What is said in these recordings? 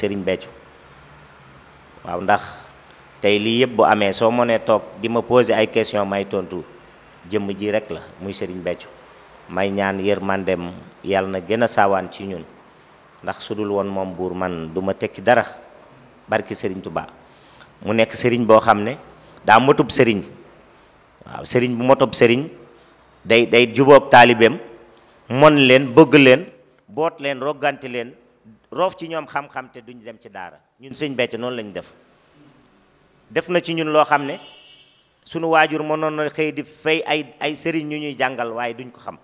Serigne Béthio waaw ndax tey lii yëpp bu amee soo mënee toog di ma poser ay question may tontu jëmm ji rekk la muy Serigne Béthio may ñaan yërmandem yàlla na gën a saawaan ci ñun ndax su dul woon moom buur man duma tekki dara barki Serigne Touba mu nekk sëriñ boo xam ne daa motub Serigne waaw Serigne bu motub Serigne day day jubóob taalibeem mon leen bëgg leen boot leen rogganti leen roof ci ñoom xam-xam te duñ dem ci daara ñun sëñ Béthio noonu lañ def def na ci ñun loo xam ne sunu waajur mënoon na xëy di fay ay ay sëriñ ñu ñuy jàngal waaye duñ ko xam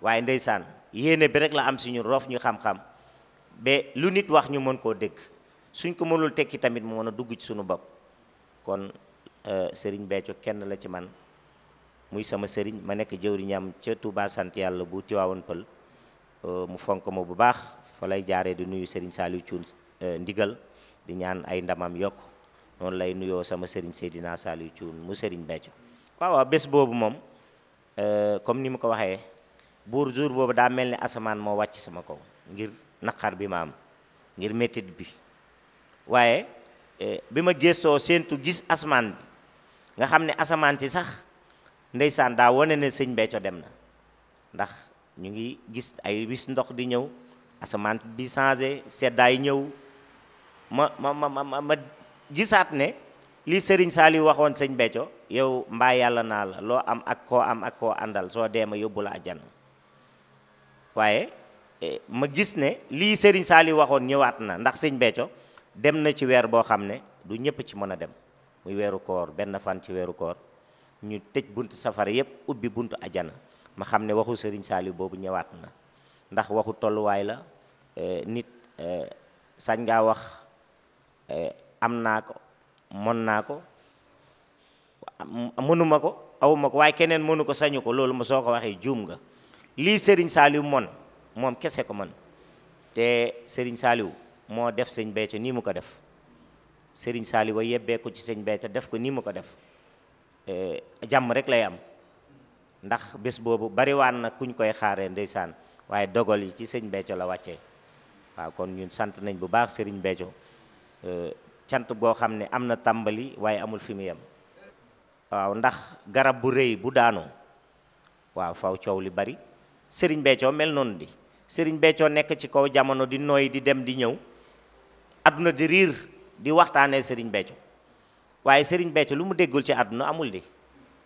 waaye ndeysaan yéene bi rek la am si ñun roof ñu xam-xam ba lu nit wax ñu mën koo dégg suñ ko mënul tekki tamit mu mën a dugg ci suñu bopp kon euh, sëriñ Béthio kenn la ci man muy sama sëriñ ma nekk jëwriñam ca Touba sant yàlla bu Tiwaawoon Pël euh, mu fonk ma bu baax fa lay jaaree di nuyu Serigne Saliou Thioune euh, ndigal di ñaan ay ndamam yokk noonu lay nuyoo sama Serigne Seydina Saliou Thioune mu Serigne Béthio waaw bés boobu moom euh, comme ni mu ko waxee buur jour boobu daa mel ni asamaan moo wàcc sama kaw ngir naqar bi ma am ngir métit bi waaye euh, bi ma gëstoo séentu gis asamaan bi nga xam ne asamaan si sax ndeysaan daa wane ne sëñ Béthio dem na ndax ñu ngi gis ay bis ndox di ñëw asamaan bi changé seddaay ñëw ma ma ma ma ma gisaat ne lii sëriñ Saliou waxoon sëñ Béthio yow mbaa yàlla naa la loo am ak koo am ak koo àndal soo dee ma yóbbu la àjjana waaye eh, ma gis ne lii Serigne saali waxoon ñëwaat na ndax sëñ Béthio dem na ci weer boo xam ne du ñëpp ci mën a dem muy weeru koor benn fan ci weeru koor ñu tëj buntu safara yépp ubbi buntu ajana ma xam ne waxu Serigne saali boobu ñëwaat na. ndax waxu tolluwaay la eh, nit eh, sañ ngaa wax eh, am naa ko mën naa ko mënuma ko awuma ko waaye keneen mënu ko sañu ko loolu ma soo ko waxee juum nga lii sëriñ Saliou mon moom kese ko man te Serigne Saliou moo def sëñ Béthio nii mu ko def Serigne Saliou a yebbeeku ci sëñ Béthio def ko nii mu ko def jàmm rek lay am ndax bés boobu bariwaan na kuñ koy xaaree ndeysaan waaye dogal yi ci sëñ Béthio la wàcce waaw kon ñun sant nañ bu baax sëriñ Béthio euh, cant boo xam ne am na tàmbali waaye amul fi mu yem waaw ndax garab bu rëy bu daanoo waaw faw coow li bari sëriñ Béthio mel noonu di sëriñ Béthio nekk ci kaw jamono di nooy di dem di ñëw àdduna di riir di waxtaanee sëriñ Béthio waaye sëriñ Béthio lu mu déggul ci àdduna amul di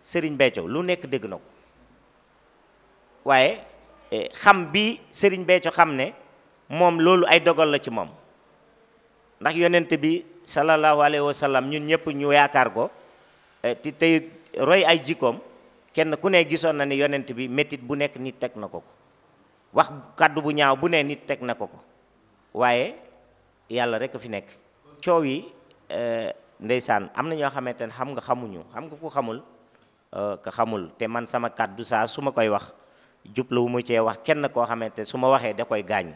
sëriñ Béthio lu nekk dégg na ko waaye xam bi sëriñ Béthio xam ne moom loolu ay dogal la ci moom ndax yonent bi sallallahu alayhi wa ñun ñëpp ñu yaakaar ko eh, tey roy ay jikkoom kenn ku ne gisoon na ni yonent bi métit bu nekk nit teg na ko ko wax kàddu bu ñaaw bu ne nit teg na ko ko waaye yàlla rek fi nekk coow yi eh, ndeysaan am na ñoo xamante ne xam nga xamuñu xam nga ko xamul eh, ka xamul te man sama kàddu saa su ma koy wax jubluwu mu cee wax kenn koo xamante su ma waxee da koy gaañ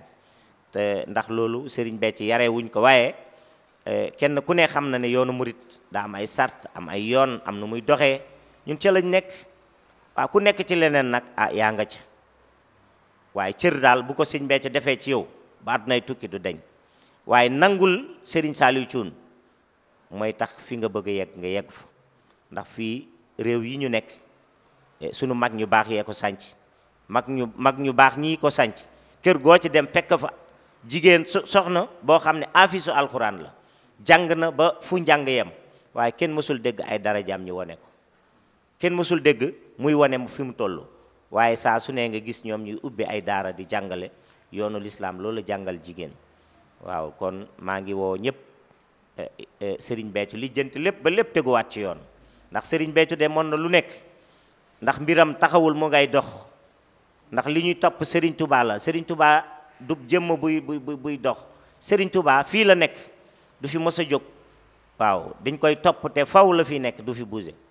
te ndax loolu sëriñ bee ci yaree wuñ ko waaye eh, kenn ku ne xam na ne yoonu murit daa am ay sart am ay yoon am nu muy doxee ñun ca lañ nekk waaw ku nekk ci leneen nag ah yaa nga ca waaye cër daal bu ko sëriñ bee defee ci yow ba àddunay tukki du deñ waaye nangul sëriñ Saliou Thioune mooy tax fi nga bëgg a yegg nga yegg fa ndax fii réew yi ñu nekk eh, sunu mag ñu baax yee ko sànc mag ñu mag ñu baax ñii ko sanc kër goo ci dem fekk fa jigéen soxna boo xam ne afisu alxuraan la jàng na ba fu jàng yem waaye kenn mësul dégg ay darajaam ñu wane ko kenn mësul dégg muy wane fi mu toll waaye saa su nee nga gis ñoom ñuy ubbi ay daara di jàngale yoonu lislaam loolu jàngal jigéen waaw kon maa ngi woo ñëpp eh, eh, sëriñ Béthio lijjanti lépp ba lépp teguwaat ci yoon ndax sëriñ Béthio de mën na lu nekk ndax mbiram taxawul mu ngay dox ndax li ñuy topp Serigne Touba la Serigne Touba du jëmm buy buy buy dox Serigne Touba fii la nekk du fi mës a jóg waaw dañ koy topp te faw la fi nekk du fi bougé.